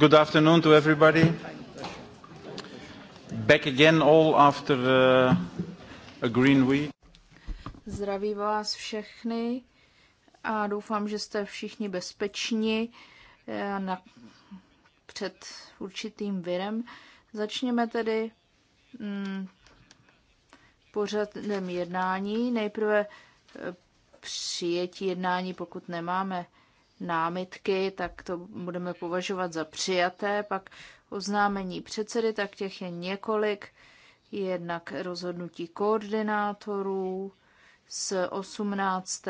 Good afternoon to everybody. Back again all after uh, a green week. Zdravím vás všechny a doufám, že jste všichni bezpeční eh, na, před určitým virem. Začněme tedy mm, pořadem jednání. Nejprve eh, přijetí jednání, pokud nemáme námitky, tak to budeme považovat za přijaté. Pak oznámení předsedy, tak těch je několik. Jednak rozhodnutí koordinátorů z 18.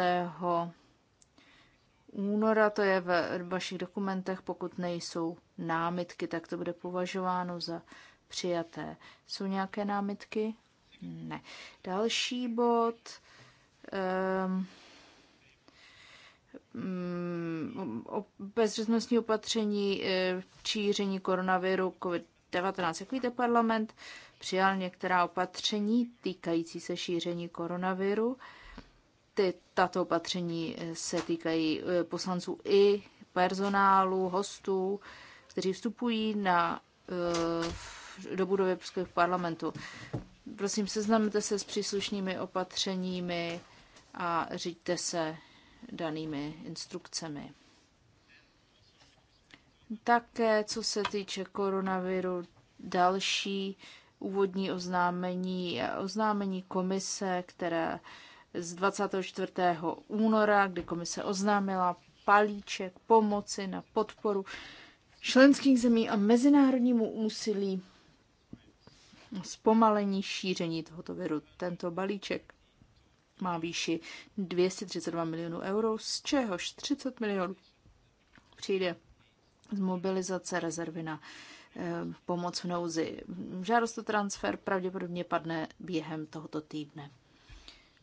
února, to je ve vašich dokumentech, pokud nejsou námitky, tak to bude považováno za přijaté. Jsou nějaké námitky? Ne. Další bod. Um, Mm, bezřeznostní opatření eh, šíření koronaviru COVID-19. Jak víte, parlament přijal některá opatření týkající se šíření koronaviru. Ty, tato opatření eh, se týkají eh, poslanců i personálu, hostů, kteří vstupují na, do budovy Evropského parlamentu. Prosím, seznamte se s příslušnými opatřeními a řiďte se danými instrukcemi. Také, co se týče koronaviru, další úvodní oznámení, oznámení komise, které z 24. února, kdy komise oznámila palíček pomoci na podporu členských zemí a mezinárodnímu úsilí zpomalení šíření tohoto viru. Tento balíček má výši 232 milionů euro, z čehož 30 milionů přijde z mobilizace rezervy na eh, pomoc v nouzi. Žádost o transfer pravděpodobně padne během tohoto týdne.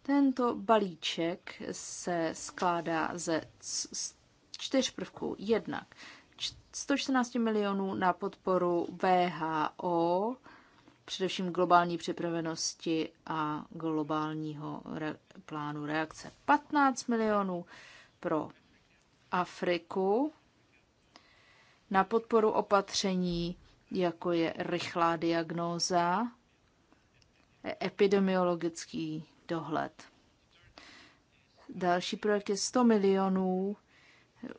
Tento balíček se skládá ze čtyř prvků. Jednak 114 milionů na podporu VHO, především globální připravenosti a globálního re- plánu reakce. 15 milionů pro Afriku na podporu opatření, jako je rychlá diagnóza, epidemiologický dohled. Další projekt je 100 milionů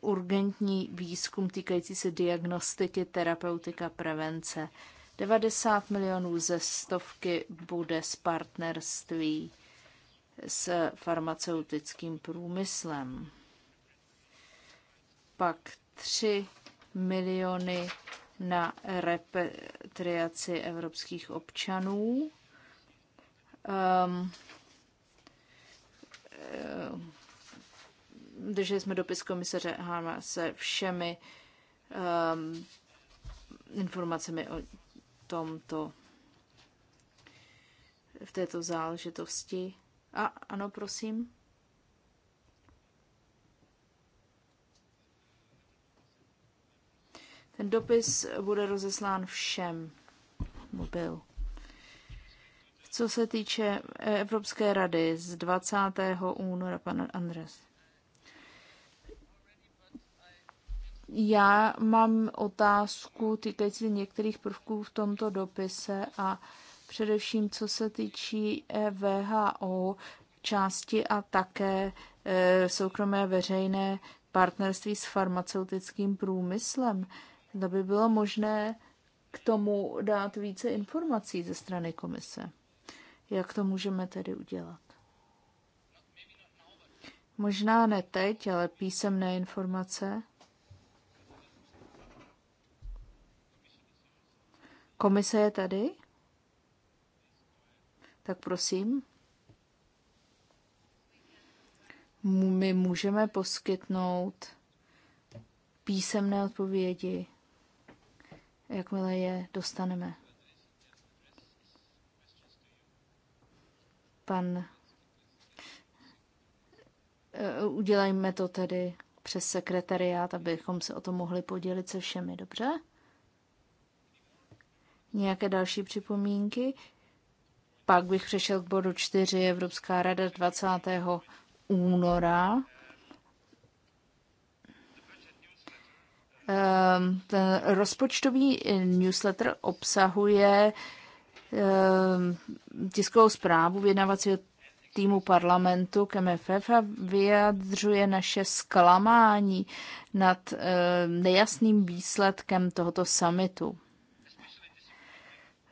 urgentní výzkum týkající se diagnostiky, terapeutika, prevence 90 milionů ze stovky bude z partnerství s farmaceutickým průmyslem. Pak 3 miliony na repatriaci evropských občanů. Um, drželi jsme dopis komisaře Háma se všemi um, informacemi o tomto v této záležitosti. A ano, prosím. Ten dopis bude rozeslán všem. mobil. Co se týče Evropské rady z 20. února, pan Andres. Já mám otázku týkající některých prvků v tomto dopise a především co se týčí eh, VHO části a také eh, soukromé veřejné partnerství s farmaceutickým průmyslem. Zda by bylo možné k tomu dát více informací ze strany komise. Jak to můžeme tedy udělat? Možná ne teď, ale písemné informace. Komise je tady? Tak prosím. My můžeme poskytnout písemné odpovědi, jakmile je dostaneme. Pan, e, udělejme to tedy přes sekretariát, abychom se o to mohli podělit se všemi, dobře? Nějaké další připomínky? Pak bych přešel k bodu 4 Evropská rada 20. února. Ehm, ten rozpočtový newsletter obsahuje ehm, tiskovou zprávu vědnavacího týmu parlamentu k MFF a vyjadřuje naše zklamání nad ehm, nejasným výsledkem tohoto summitu.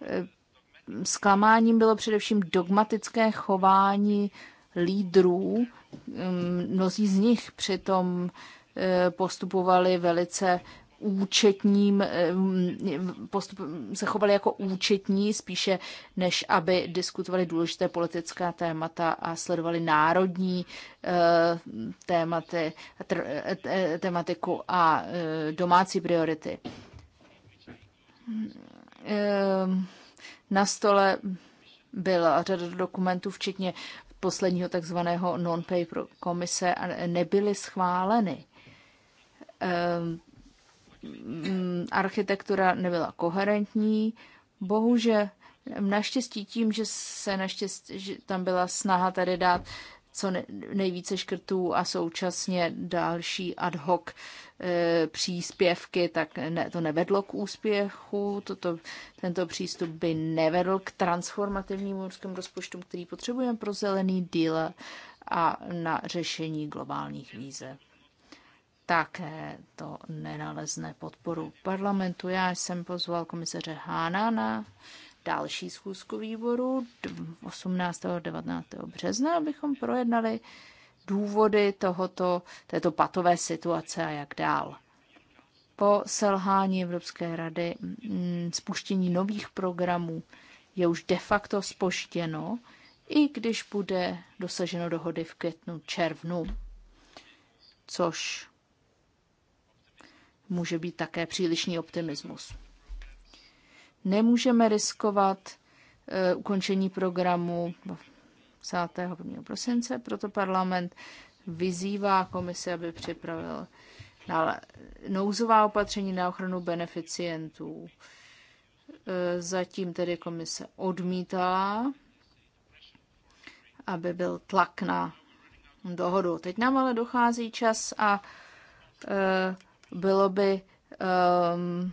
Eh, zklamáním bylo především dogmatické chování lídrů. Mm, mnozí z nich přitom eh, postupovali velice účetním, eh, postup, se chovali jako účetní spíše, než aby diskutovali důležité politická témata a sledovali národní tématy, tématiku a domácí priority. Ehm, na stole byla řada dokumentů, včetně posledního takzvaného non-paper komise, a nebyly schváleny. Ehm, mm, architektura nebyla koherentní, bohužel Naštěstí tím, že se naštěstí, že tam byla snaha tady dát co nejvíce škrtů a současně další ad hoc e, příspěvky, tak ne, to nevedlo k úspěchu. Toto, tento přístup by nevedl k transformativním morským rozpočtům, který potřebujeme pro zelený díl a na řešení globálních výzev také to nenalezne podporu parlamentu. Já jsem pozval komisaře Hána na další schůzku výboru 18. a 19. března, abychom projednali důvody tohoto, této patové situace a jak dál. Po selhání Evropské rady mm, spuštění nových programů je už de facto spoštěno, i když bude dosaženo dohody v květnu, červnu, což může být také přílišný optimismus. Nemůžeme riskovat eh, ukončení programu 10. prosince, proto parlament vyzývá komisi, aby připravil dále nouzová opatření na ochranu beneficientů. Eh, zatím tedy komise odmítala, aby byl tlak na dohodu. Teď nám ale dochází čas a eh, bylo by ehm,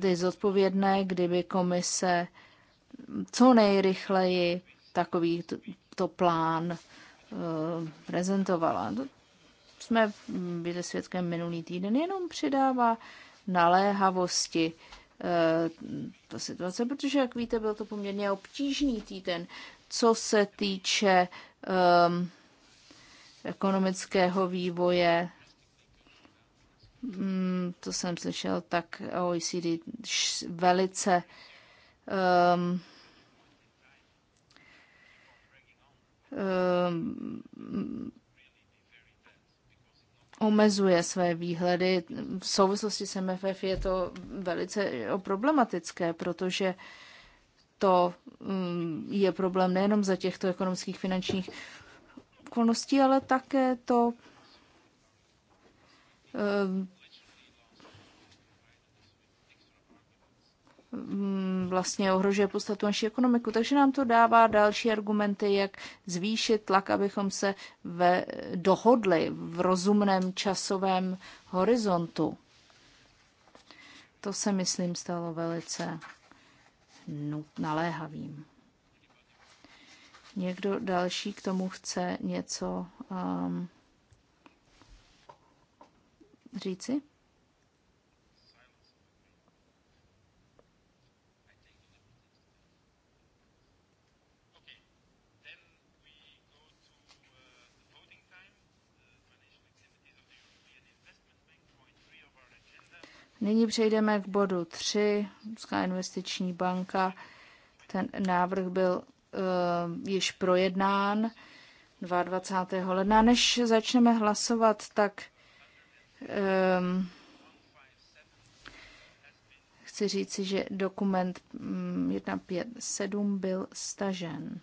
ty zodpovědné, kdyby komise co nejrychleji takový to, to plán eh, prezentovala. To jsme byli svědkem minulý týden, jenom přidává naléhavosti eh, ta situace, protože, jak víte, byl to poměrně obtížný týden, co se týče um, ekonomického vývoje Mm, to jsem slyšel, tak OECD velice um, um, omezuje své výhledy. V souvislosti s MFF je to velice problematické, protože to um, je problém nejenom za těchto ekonomických finančních okolností, ale také to um, Mm, vlastně ohrožuje podstatu naší ekonomiku. Takže nám to dává další argumenty, jak zvýšit tlak, abychom se ve, dohodli v rozumném časovém horizontu. To se, myslím, stalo velice naléhavým. Někdo další k tomu chce něco um, říci? Nyní přejdeme k bodu 3, Ruská investiční banka. Ten návrh byl uh, již projednán 22. ledna. Než začneme hlasovat, tak um, chci říci, že dokument 157 mm, byl stažen.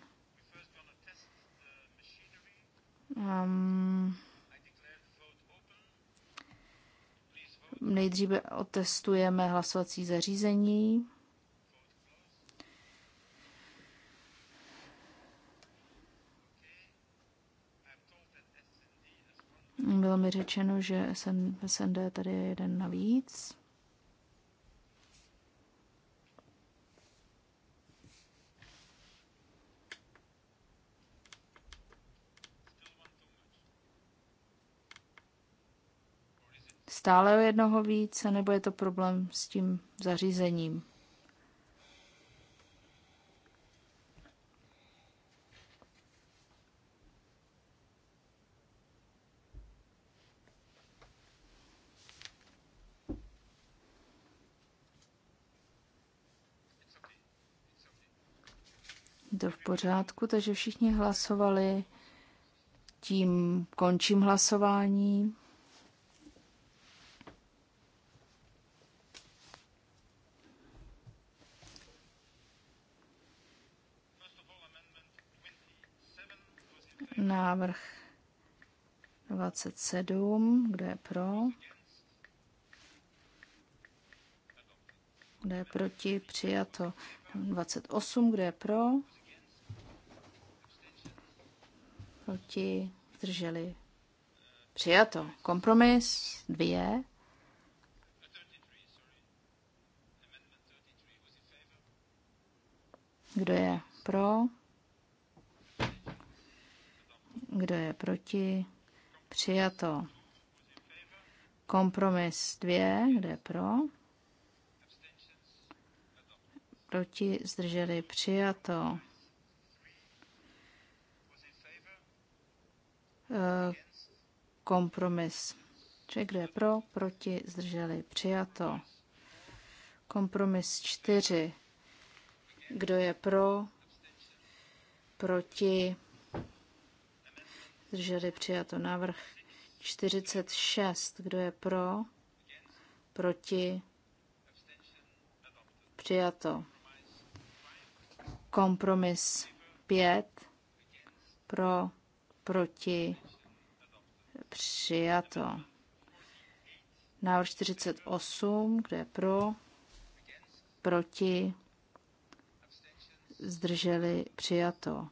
Um, Nejdříve otestujeme hlasovací zařízení. Bylo mi řečeno, že SND tady je jeden navíc. stále o jednoho víc, nebo je to problém s tím zařízením? to v pořádku, takže všichni hlasovali. Tím končím hlasování. návrh 27, kdo je pro? Kdo je proti? Přijato 28, kdo je pro? Proti? Zdrželi? Přijato. Kompromis 2. Kdo je pro? Kdo je proti? Přijato. Kompromis 2. Kdo je pro? Proti? Zdrželi? Přijato. Eh, kompromis. Tři, kdo je pro, proti, zdrželi, přijato. Kompromis 4. Kdo je pro, proti, zdrželi přijato. Návrh 46, kdo je pro, proti, přijato. Kompromis 5, pro, proti, přijato. Návrh 48, kde je pro, proti, zdrželi, přijato.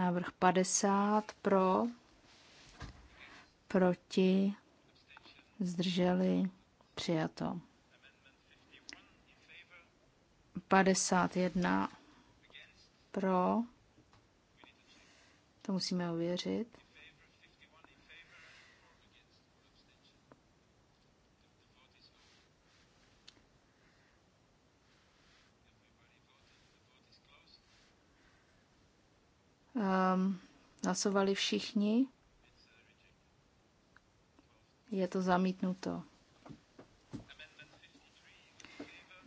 Návrh 50 pro, proti, zdrželi, přijato. 51 pro, to musíme ověřit. Um, hlasovali všichni. Je to zamítnuto.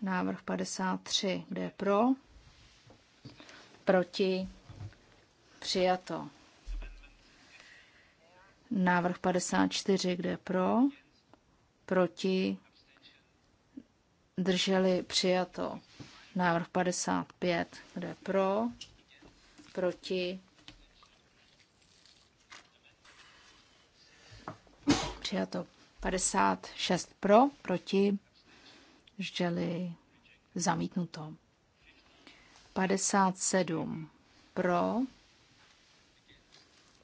Návrh 53. Kde je pro? Proti? Přijato. Návrh 54. Kde je pro? Proti? Drželi přijato. Návrh 55. Kde je pro? proti, přijato 56 pro, proti, žděli zamítnuto. 57 pro,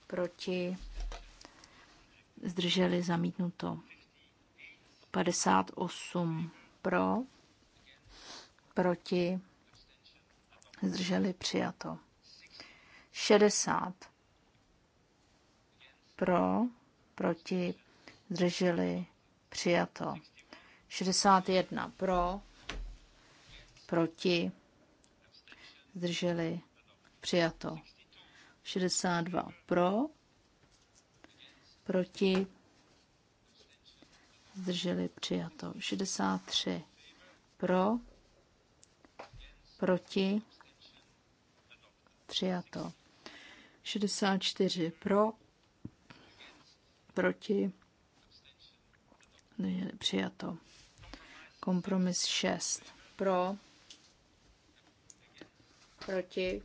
proti, zdrželi zamítnuto. 58 pro, proti, zdrželi přijato. 60 pro, proti, zdrželi, přijato. 61 pro, proti, zdrželi, přijato. 62 pro, proti, zdrželi, přijato. 63 pro, proti, přijato. 64 pro, proti, přijato. Kompromis 6 pro, proti,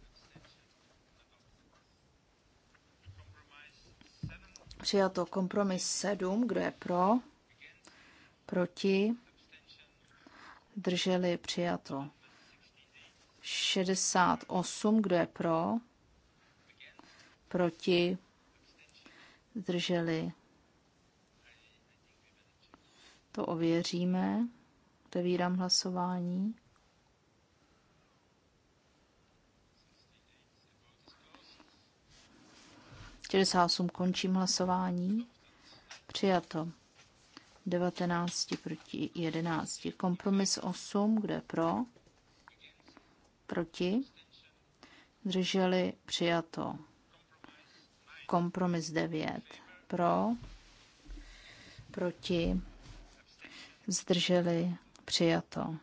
přijato. Kompromis 7, kdo je pro, proti, drželi přijato. 68, kdo je pro, proti, zdrželi. To ověříme. Otevírám hlasování. osm končím hlasování. Přijato. 19 proti 11. Kompromis 8, kde pro? Proti. Drželi přijato. Kompromis 9 pro, proti, zdrželi, přijato.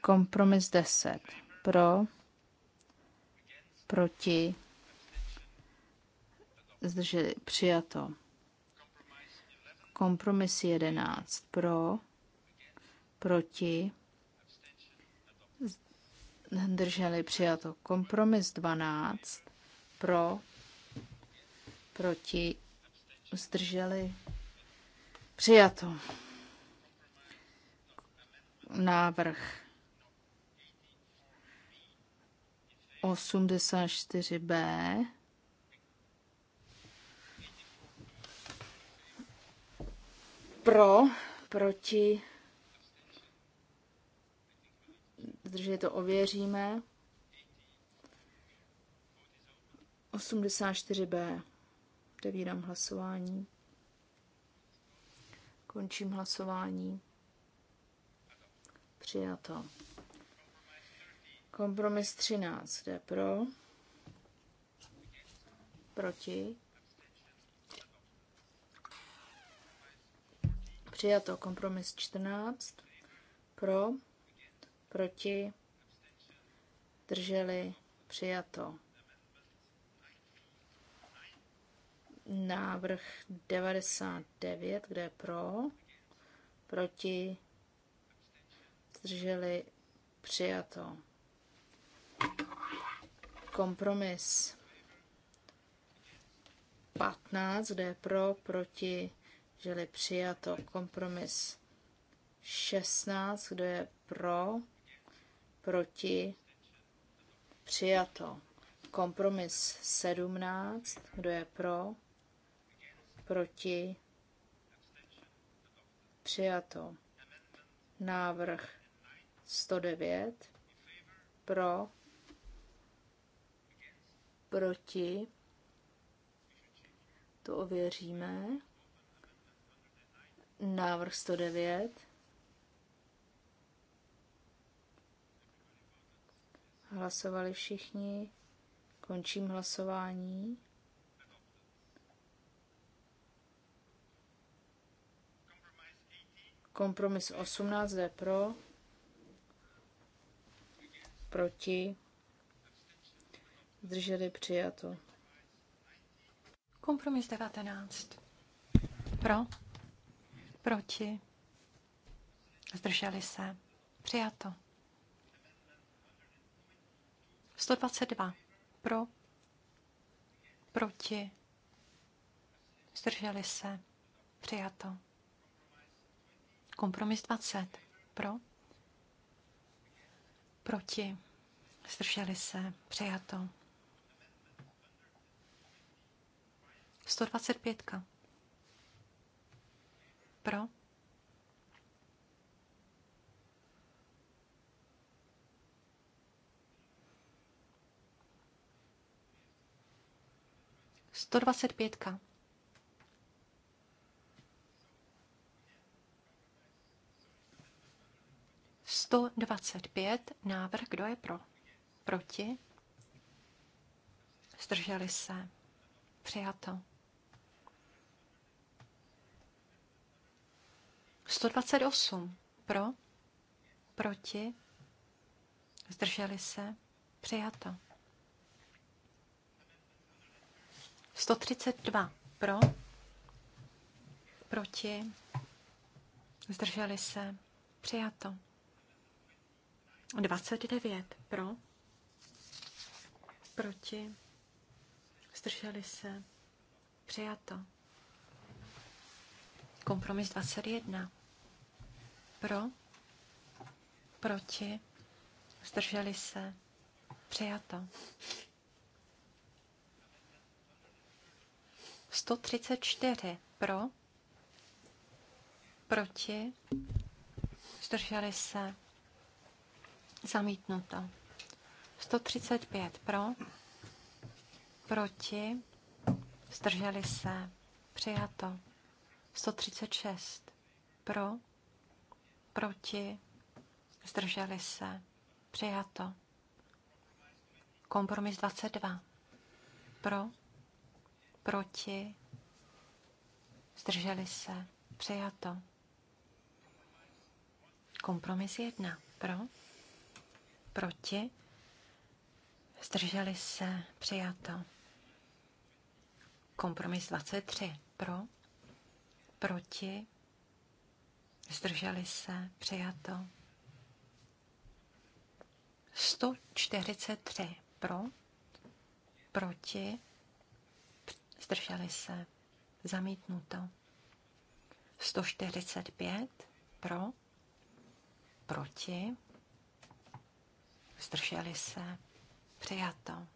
Kompromis 10 pro, proti, zdrželi, přijato. Kompromis 11 pro, proti, zdrželi, přijato. Kompromis 12 pro, proti, zdrželi, přijato. Návrh 84b. Pro, proti, zdrželi to ověříme. 84b. Otevírám hlasování. Končím hlasování. Přijato. Kompromis 13. Jde pro. Proti. Přijato. Kompromis 14. Pro. Proti. Drželi. Přijato. návrh 99, kde je pro, proti, zdrželi, přijato. Kompromis 15, kde je pro, proti, zdrželi, přijato. Kompromis 16, kde je pro, proti, přijato. Kompromis 17, kdo je pro, proti, přijato. Návrh 109, pro, proti, to ověříme. Návrh 109. Hlasovali všichni. Končím hlasování. Kompromis 18 jde pro, proti, zdrželi přijato. Kompromis 19. Pro, proti, zdrželi se, přijato. 122. Pro, proti, zdrželi se, přijato. Kompromis 20. Pro? Proti? Zdrželi se? Přejato. 125. Pro? Sto dvacet pětka. 125, návrh, kdo je pro? Proti? Zdrželi se. Přijato. 128, pro? Proti? Zdrželi se. Přijato. 132, pro? Proti? Zdrželi se. Přijato. 29 pro, proti, zdrželi se, přijato. Kompromis 21 pro, proti, zdrželi se, přijato. 134 pro, proti, zdrželi se, Zamítnuto. 135 pro, proti, zdrželi se, přijato. 136 pro, proti, zdrželi se, přijato. Kompromis 22 pro, proti, zdrželi se, přijato. Kompromis 1 pro, proti, zdrželi se, přijato. Kompromis 23 pro, proti, zdrželi se, přijato. 143 pro, proti, zdrželi se, zamítnuto. 145 pro, proti, zdrželi se, přijato.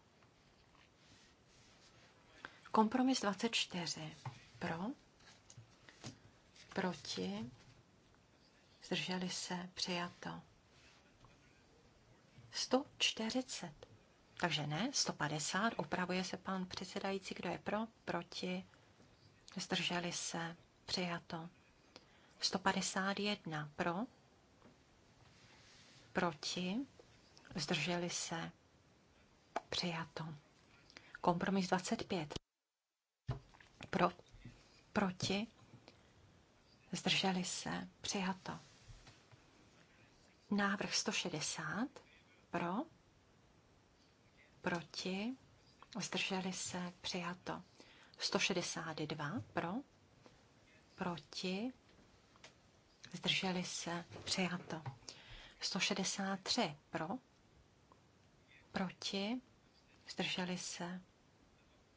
Kompromis 24. Pro, proti, zdrželi se, přijato. 140. Takže ne, 150. Opravuje se pan předsedající, kdo je pro, proti, zdrželi se, přijato. 151 pro, proti, zdrželi se, přijato. Kompromis 25. Pro, proti, zdrželi se, přijato. Návrh 160, pro, proti, zdrželi se, přijato. 162, pro, proti, zdrželi se, přijato. 163, pro, Proti? Zdrželi se?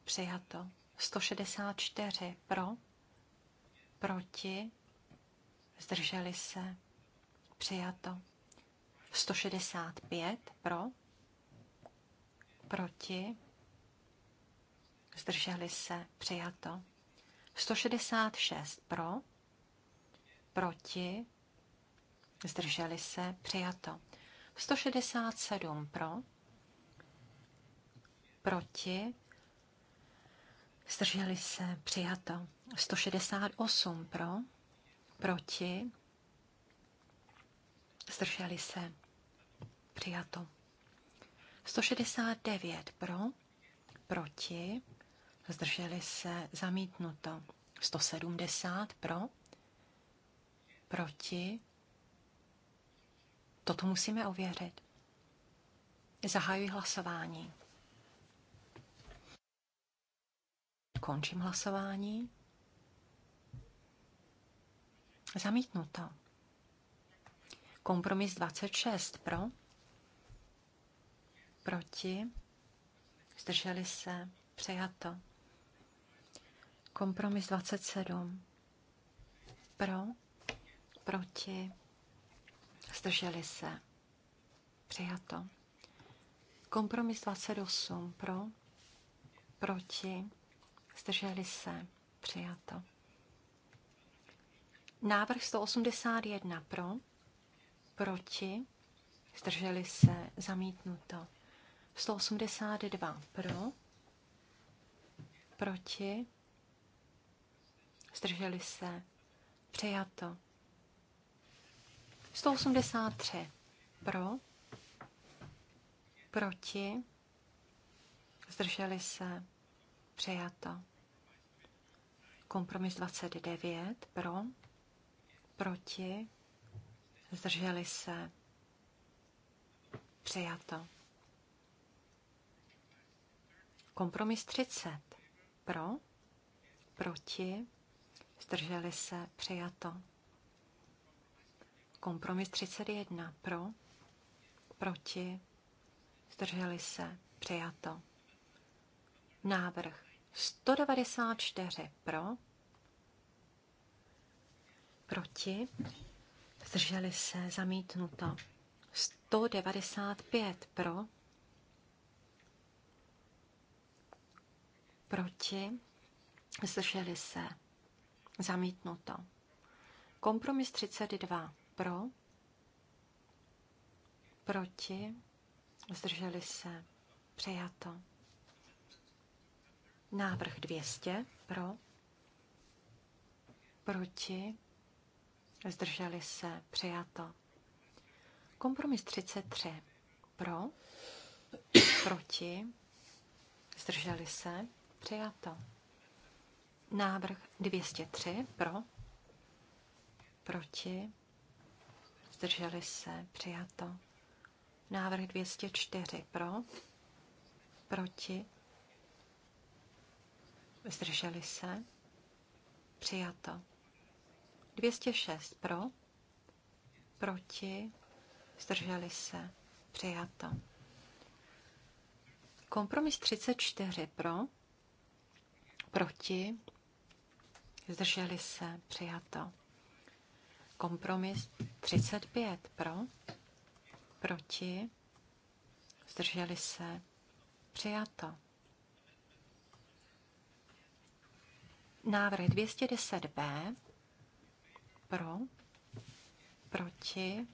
Přijato. 164 pro? Proti? Zdrželi se? Přijato. 165 pro? Proti? Zdrželi se? Přijato. 166 pro? Proti? Zdrželi se? Přijato. 167 pro? proti, zdrželi se, přijato. 168 pro, proti, zdrželi se, přijato. 169 pro, proti, zdrželi se, zamítnuto. 170 pro, proti, toto musíme ověřit. Zahajuji hlasování. Končím hlasování. Zamítnuto. Kompromis 26 pro. Proti. Zdrželi se. Přijato. Kompromis 27. Pro. Proti. Zdrželi se. Přijato. Kompromis 28. Pro. Proti. Zdrželi se. Přijato. Návrh 181 pro, proti, zdrželi se, zamítnuto. 182 pro, proti, zdrželi se, přijato. 183 pro, proti, zdrželi se, Přijato. Kompromis 29 pro, proti, zdrželi se. Přijato. Kompromis 30 pro, proti, zdrželi se. Přijato. Kompromis 31 pro, proti, zdrželi se. Přijato. Návrh 194 pro, proti, zdrželi se, zamítnuto. 195 pro, proti, zdrželi se, zamítnuto. Kompromis 32 pro, proti, zdrželi se, přijato. Návrh 200 pro, proti, zdrželi se, přijato. Kompromis 33 pro, proti, zdrželi se, přijato. Návrh 203 pro, proti, zdrželi se, přijato. Návrh 204 pro, proti, zdrželi se, přijato. 206 pro, proti, zdrželi se, přijato. Kompromis 34 pro, proti, zdrželi se, přijato. Kompromis 35 pro, proti, zdrželi se, přijato. Návrh 210b pro, proti,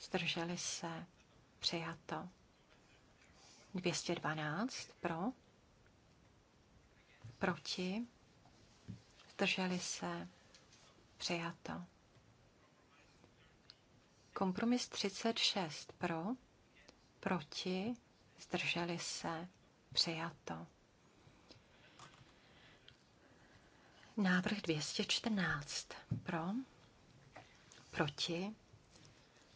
zdrželi se, přijato. 212 pro, proti, zdrželi se, přijato. Kompromis 36 pro, proti, zdrželi se, přijato. Návrh 214. Pro? Proti?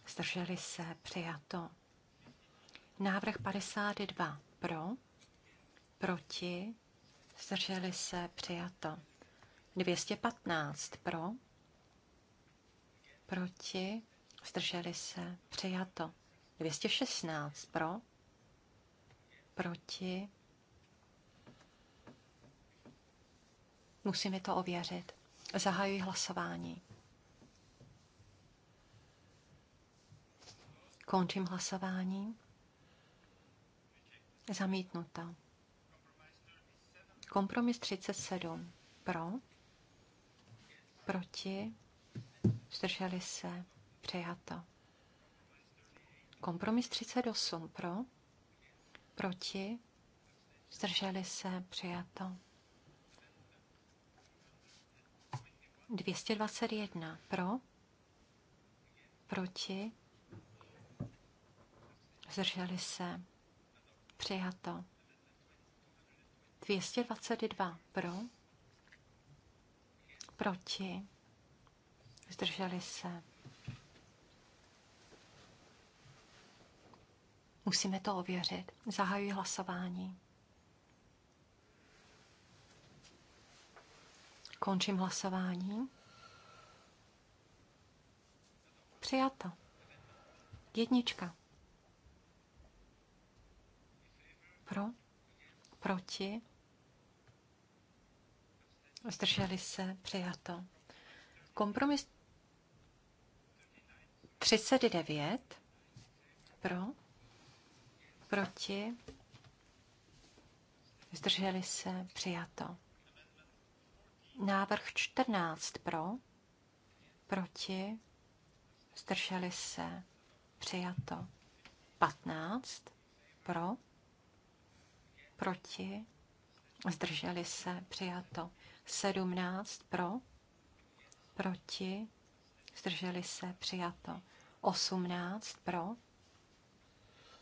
Zdrželi se? Přijato. Návrh 52. Pro? Proti? Zdrželi se? Přijato. 215. Pro? Proti? Zdrželi se? Přijato. 216. Pro? Proti? Musíme to ověřit. Zahajuji hlasování. Končím hlasování. Zamítnuto. Kompromis 37. Pro. Proti. Zdrželi se. Přijato. Kompromis 38. Pro. Proti. Zdrželi se. Přijato. 221 pro, proti, zdrželi se, přijato. 222 pro, proti, zdrželi se. Musíme to ověřit. Zahajuji hlasování. Končím hlasování. Přijato. Jednička. Pro. Proti. Zdrželi se. Přijato. Kompromis 39. Pro. Proti. Zdrželi se. Přijato. Návrh 14 pro, proti, zdrželi se, přijato. 15 pro, proti, zdrželi se, přijato. 17 pro, proti, zdrželi se, přijato. 18 pro,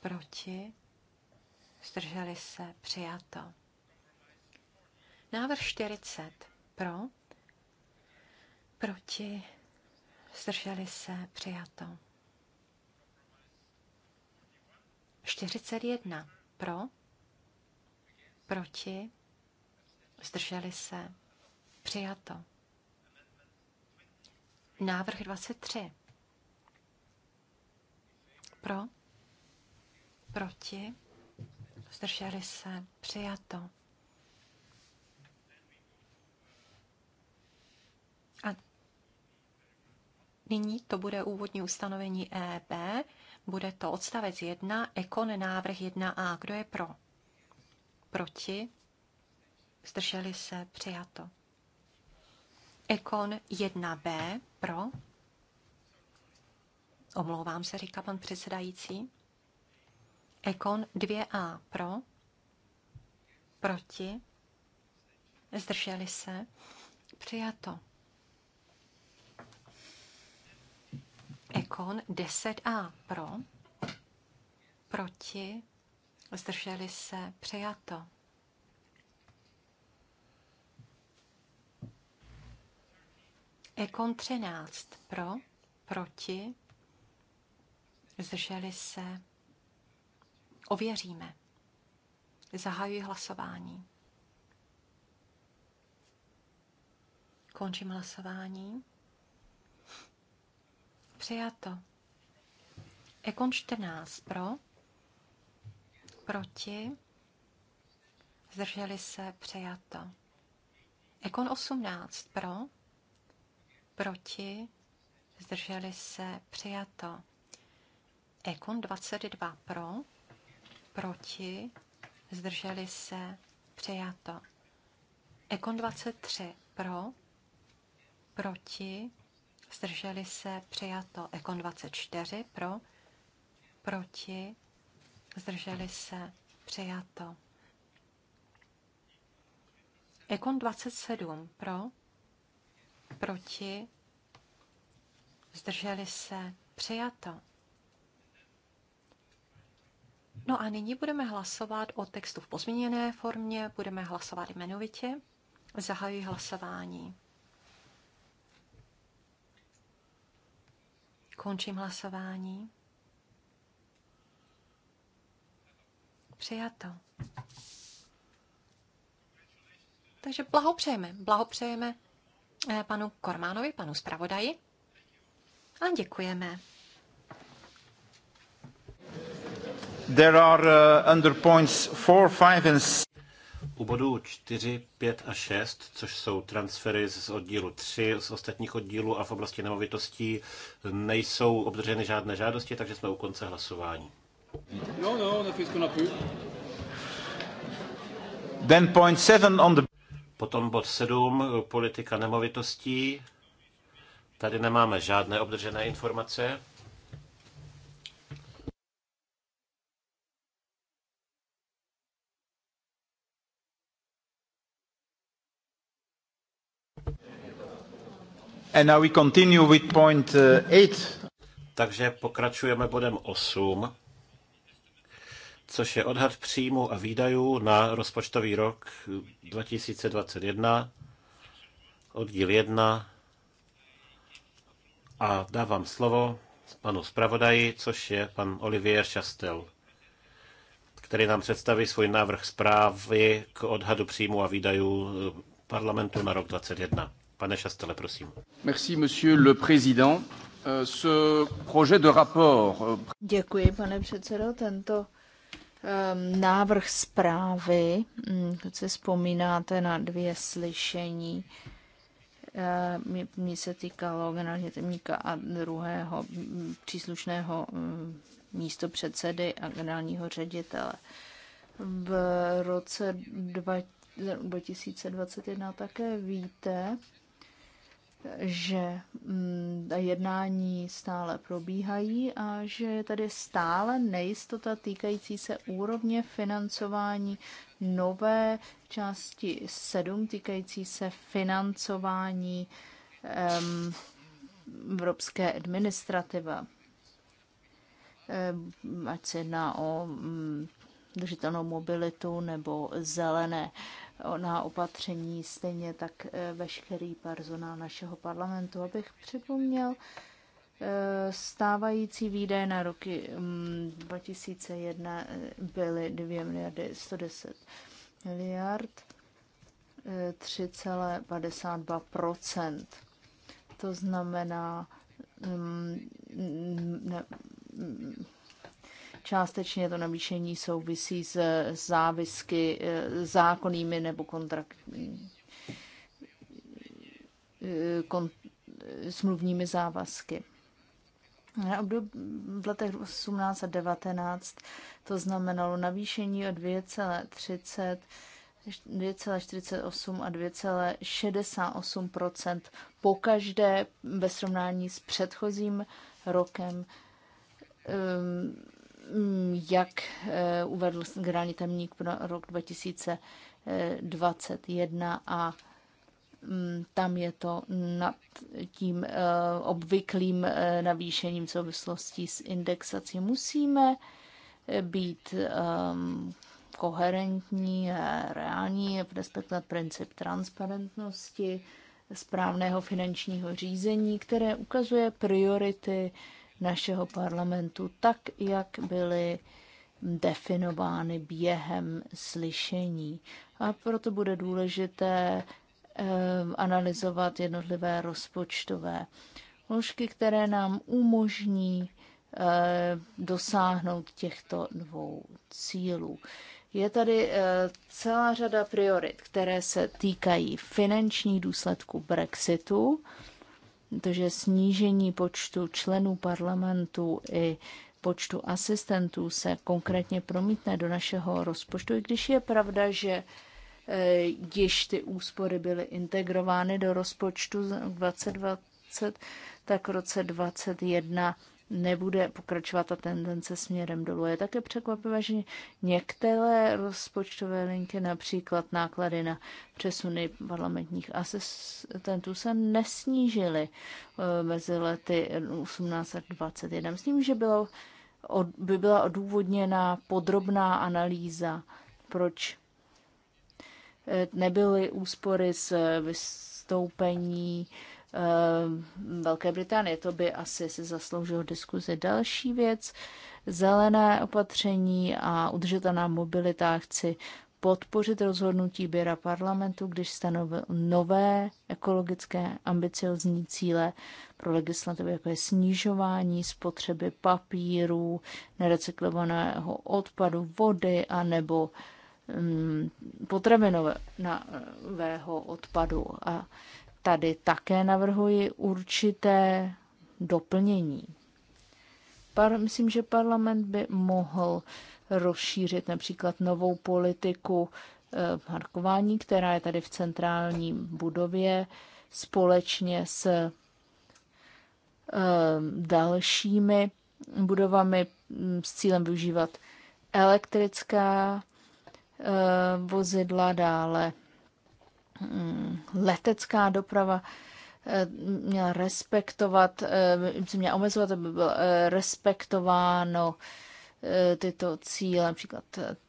proti, zdrželi se, přijato. Návrh 40 pro? Proti? Zdrželi se? Přijato. 41. Pro? Proti? Zdrželi se? Přijato. Návrh 23. Pro? Proti? Zdrželi se? Přijato. A nyní to bude úvodní ustanovení EB. Bude to odstavec 1, ekon návrh 1a. Kdo je pro? Proti? Zdrželi se? Přijato. Ekon 1b. Pro? Omlouvám se, říká pan předsedající. Ekon 2a. Pro? Proti? Zdrželi se? Přijato. Ekon 10a pro, proti, zdrželi se, přijato. Ekon 13 pro, proti, zdrželi se, ověříme. Zahajuji hlasování. Končím hlasování. Přijato. Ekon 14 pro, proti, zdrželi se, přijato. Ekon 18 pro, proti, zdrželi se, přijato. Ekon 22 pro, proti, zdrželi se, přijato. Ekon 23 pro, proti, zdrželi se, přijato. Ekon 24 pro, proti, zdrželi se, přijato. Ekon 27 pro, proti, zdrželi se, přijato. No a nyní budeme hlasovat o textu v pozměněné formě, budeme hlasovat jmenovitě. Zahajuji hlasování. Končím hlasování. Přijato. Takže blahopřejeme. Blahopřejeme eh, panu Kormánovi, panu zpravodaji. A děkujeme. There are uh, under points four, five, and six. U bodů 4, 5 a 6, což jsou transfery z oddílu 3, z ostatních oddílů a v oblasti nemovitostí, nejsou obdrženy žádné žádosti, takže jsme u konce hlasování. No, no, na fisku na Then point seven on the... Potom bod 7, politika nemovitostí. Tady nemáme žádné obdržené informace. And now we continue with point uh, eight. Takže pokračujeme bodem 8, což je odhad příjmu a výdajů na rozpočtový rok 2021, oddíl 1. A dávám slovo panu zpravodaji, což je pan Olivier Chastel, který nám představí svůj návrh zprávy k odhadu příjmu a výdajů eh, parlamentu na rok 2021. Pane Šastele, prosím. Merci, monsieur le président. Euh, ce projet de rapport... Euh, Děkuji, pane předsedo. Tento ehm, návrh zprávy, hm, když se vzpomínáte na dvě slyšení, ehm, mě se týkalo generálně temníka a druhého hm, příslušného hm, místo předsedy a generálního ředitele. V roce 2021 také víte, že mm, jednání stále probíhají a že je tady stále nejistota týkající se úrovně financování nové části 7 týkající se financování um, evropské administrativa. Ať se jedná o um, mm, držitelnou mobilitu nebo zelené uh, na opatření, stejně tak eh, veškerý personál našeho parlamentu. Abych připomněl, eh, stávající výdaje na roky 2001 mm, eh, byly 2 miliardy 110 miliard, 3,52 To znamená, mm, ne, mm, Částečně to navýšení souvisí s závisky eh, zákonnými nebo kontraktními eh, kon, eh, smluvními závazky. Na období v letech 18 a 19 to znamenalo navýšení o 2,30 2,48 a 2,68 po každé ve srovnání s předchozím rokem. Um, Mm, jak eh, uvedl generální temník pro rok 2021 a mm, tam je to nad tím eh, obvyklým eh, navýšením souvislosti s indexací. Musíme být ehm, koherentní, reální, respektovat princip transparentnosti, správného finančního řízení, které ukazuje priority našeho parlamentu, tak jak byly definovány během slyšení. A proto bude důležité eh, analyzovat jednotlivé rozpočtové ložky, které nám umožní eh, dosáhnout těchto dvou cílů. Je tady eh, celá řada priorit, které se týkají finančních důsledků Brexitu, že snížení počtu členů parlamentu i počtu asistentů se konkrétně promítne do našeho rozpočtu, i když je pravda, že když eh, ty úspory byly integrovány do rozpočtu 2020, tak v roce 2021 nebude pokračovat ta tendence směrem dolů. Je také překvapivé, že některé rozpočtové linky, například náklady na přesuny parlamentních asistentů, se nesnížily eh, mezi lety 18 a 21. Myslím, že bylo, by byla odůvodněná podrobná analýza, proč eh, nebyly úspory z vystoupení, Eh, Velké Británie. To by asi si zasloužilo diskuzi. Další věc, zelené opatření a udržitelná mobilita. Chci podpořit rozhodnutí Běra parlamentu, když stanovil nové ekologické ambiciozní cíle pro legislativu, jako je snižování spotřeby papíru, nerecyklovaného odpadu, vody a nebo um, potravinového odpadu. A Tady také navrhuji určité doplnění. Par, myslím, že parlament by mohl rozšířit například novou politiku eh, parkování, která je tady v centrální budově, společně s eh, dalšími budovami mm, s cílem využívat elektrická eh, vozidla, dále Mm, letecká doprava eh, měla respektovat, eh, měla omezovat, aby bylo eh, respektováno tyto cíle, například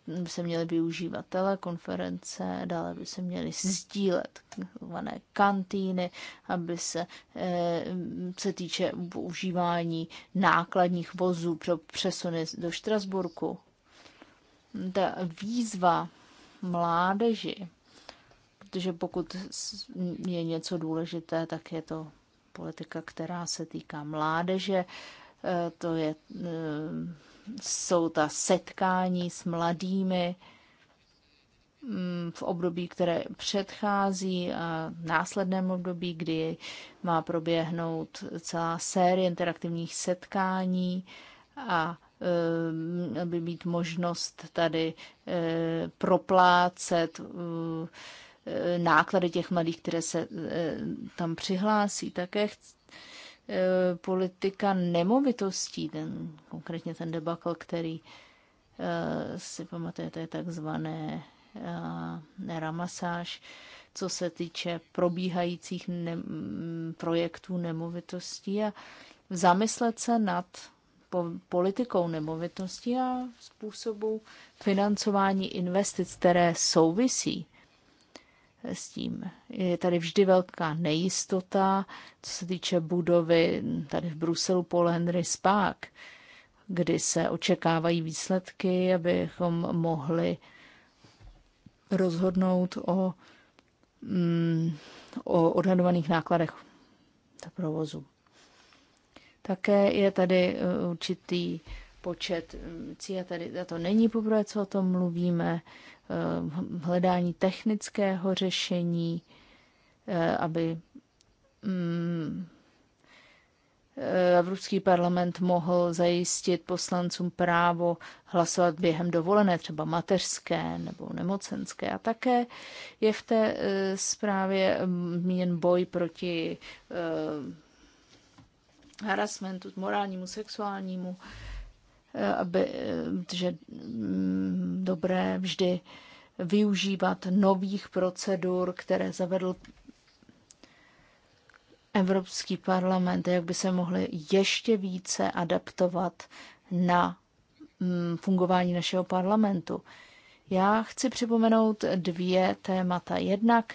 by se měly využívat telekonference, dále by se měly sdílet takzvané kantýny, aby se, se týče používání nákladních vozů pro přesuny do Štrasburku. Ta výzva mládeži protože pokud je něco důležité, tak je to politika, která se týká mládeže. E, to je, e, jsou ta setkání s mladými mm, v období, které předchází a v následném období, kdy má proběhnout celá série interaktivních setkání a e, by být možnost tady proplácet Eh, náklady těch mladých, které se eh, tam přihlásí. Také eh, politika nemovitostí, ten, konkrétně ten debakl, který si pamatujete, je takzvané ramasáž, co se týče probíhajících ne- mm, projektů nemovitostí a zamyslet se nad po- politikou nemovitostí a způsobu financování investic, které souvisí s tím. Je tady vždy velká nejistota, co se týče budovy tady v Bruselu Paul Henry Spák, kdy se očekávají výsledky, abychom mohli rozhodnout o, mm, o odhadovaných nákladech provozu. Také je tady eh, určitý počet mm, cíl, a tady to není poprvé, co o tom mluvíme, eh, hledání technického řešení, eh, aby mm, eh, Evropský parlament mohl zajistit poslancům právo hlasovat během dovolené, třeba mateřské nebo nemocenské. A také je v té zprávě měn mm, boj proti harassmentu morálnímu, sexuálnímu. Eh, aby, eh, že mm, dobré vždy využívat nových procedur, které zavedl Evropský parlament, jak by se mohly ještě více adaptovat na mm, fungování našeho parlamentu. Já chci připomenout dvě témata. Jednak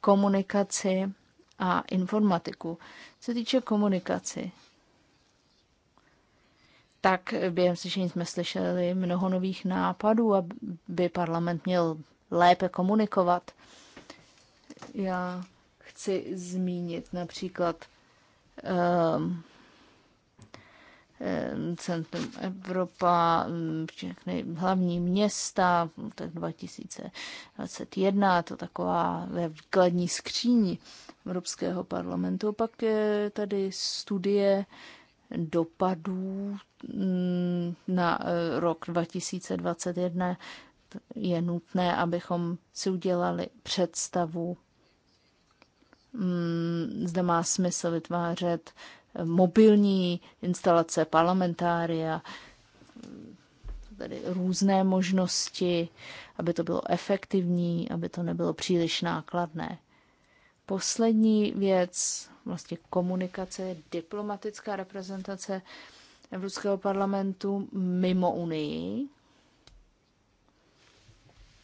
komunikaci a informatiku. Co se týče komunikaci, tak během slyšení jsme slyšeli mnoho nových nápadů, aby parlament měl lépe komunikovat. Já chci zmínit například um, Centrum Evropa, všechny hlavní města, tak 2021, to taková ve výkladní skříni Evropského parlamentu. Pak je tady studie dopadů Mm, na eh, rok 2021 je nutné, abychom si udělali představu, mm, zde má smysl vytvářet eh, mobilní instalace parlamentária, eh, tedy různé možnosti, aby to bylo efektivní, aby to nebylo příliš nákladné. Poslední věc, vlastně komunikace, diplomatická reprezentace Evropského parlamentu mimo Unii.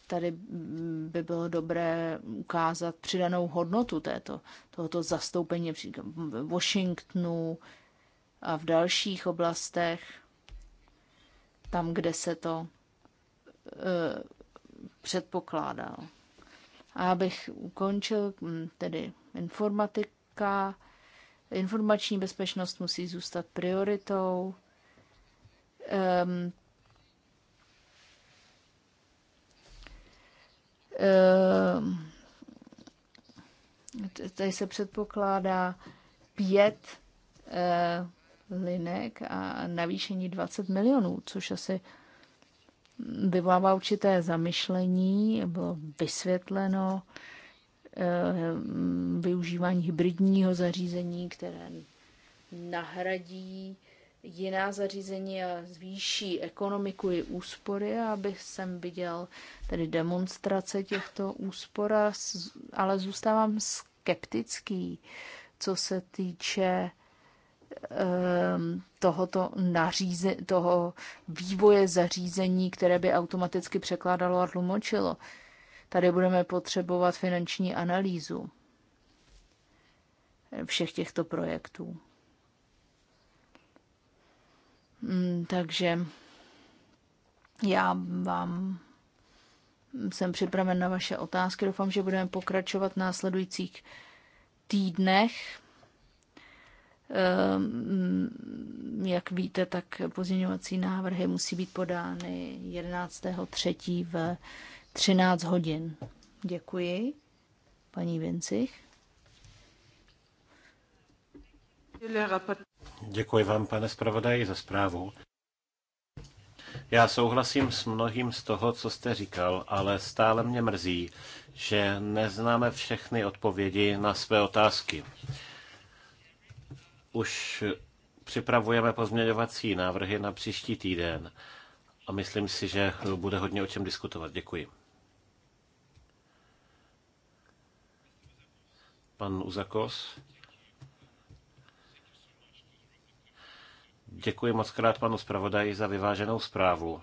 Tady by bylo dobré ukázat přidanou hodnotu této, tohoto zastoupení v Washingtonu a v dalších oblastech, tam, kde se to e, předpokládalo. A abych ukončil tedy informatika, Informační bezpečnost musí zůstat prioritou. Um, um, tady se předpokládá pět uh, linek a navýšení 20 milionů, což asi vyvolává určité zamyšlení, bylo vysvětleno. Uh, Eh, využívání hybridního zařízení, které nahradí jiná zařízení a zvýší ekonomiku i úspory, aby jsem viděl tedy demonstrace těchto úspor, ale zůstávám skeptický, co se týče eh, tohoto naříze, toho vývoje zařízení, které by automaticky překládalo a tlumočilo. Tady budeme potřebovat finanční analýzu všech těchto projektů. Mm, takže já vám jsem připraven na vaše otázky. Doufám, že budeme pokračovat v následujících týdnech. Ehm, mm, jak víte, tak pozměňovací návrhy musí být podány 11.3. v 13 hodin. Děkuji, paní Vincich. Děkuji vám, pane zpravodaji, za zprávu. Já souhlasím s mnohým z toho, co jste říkal, ale stále mě mrzí, že neznáme všechny odpovědi na své otázky. Už připravujeme pozměňovací návrhy na příští týden a myslím si, že bude hodně o čem diskutovat. Děkuji. Pan Uzakos. Děkuji moc krát panu zpravodaji za vyváženou zprávu.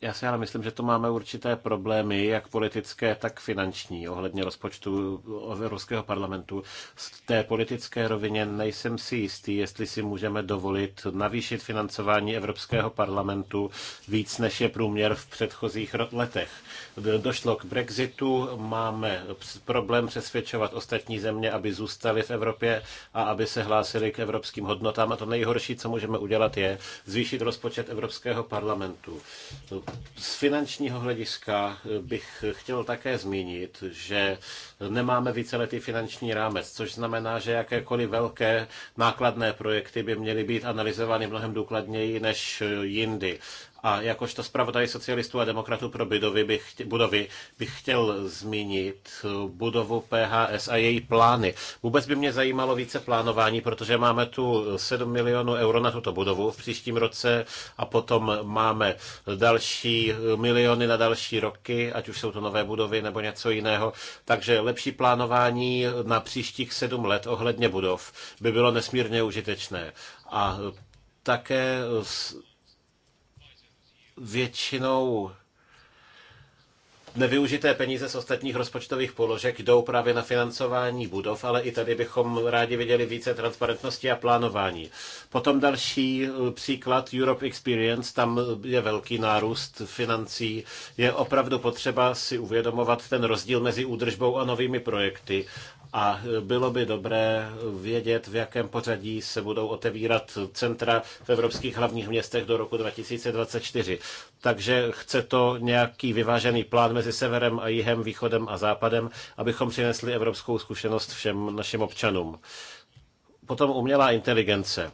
Já si ale myslím, že to máme určité problémy, jak politické, tak finanční, ohledně rozpočtu Evropského parlamentu. Z té politické rovině nejsem si jistý, jestli si můžeme dovolit navýšit financování Evropského parlamentu víc, než je průměr v předchozích letech. Došlo k Brexitu, máme problém přesvědčovat ostatní země, aby zůstali v Evropě a aby se hlásili k evropským hodnotám. A to nejhorší, co můžeme udělat, je zvýšit rozpočet Evropského parlamentu z finančního hlediska bych chtěl také zmínit, že nemáme víceletý finanční rámec, což znamená, že jakékoliv velké nákladné projekty by měly být analyzovány mnohem důkladněji než jindy. A jakožto zpravodaj socialistů a demokratů pro budovy bych, chtěl, budovy bych chtěl zmínit budovu PHS a její plány. Vůbec by mě zajímalo více plánování, protože máme tu 7 milionů euro na tuto budovu v příštím roce a potom máme další miliony na další roky, ať už jsou to nové budovy nebo něco jiného. Takže lepší plánování na příštích 7 let ohledně budov by bylo nesmírně užitečné. A také většinou nevyužité peníze z ostatních rozpočtových položek jdou právě na financování budov, ale i tady bychom rádi viděli více transparentnosti a plánování. Potom další eh, příklad Europe Experience, tam je velký nárůst financí. Je opravdu potřeba si uvědomovat ten rozdíl mezi údržbou a novými projekty a bylo by dobré vědět, v jakém pořadí se budou otevírat centra v evropských hlavních městech do roku 2024. Takže chce to nějaký vyvážený plán mezi severem a jihem, východem a západem, abychom přinesli evropskou zkušenost všem našim občanům. Potom umělá inteligence.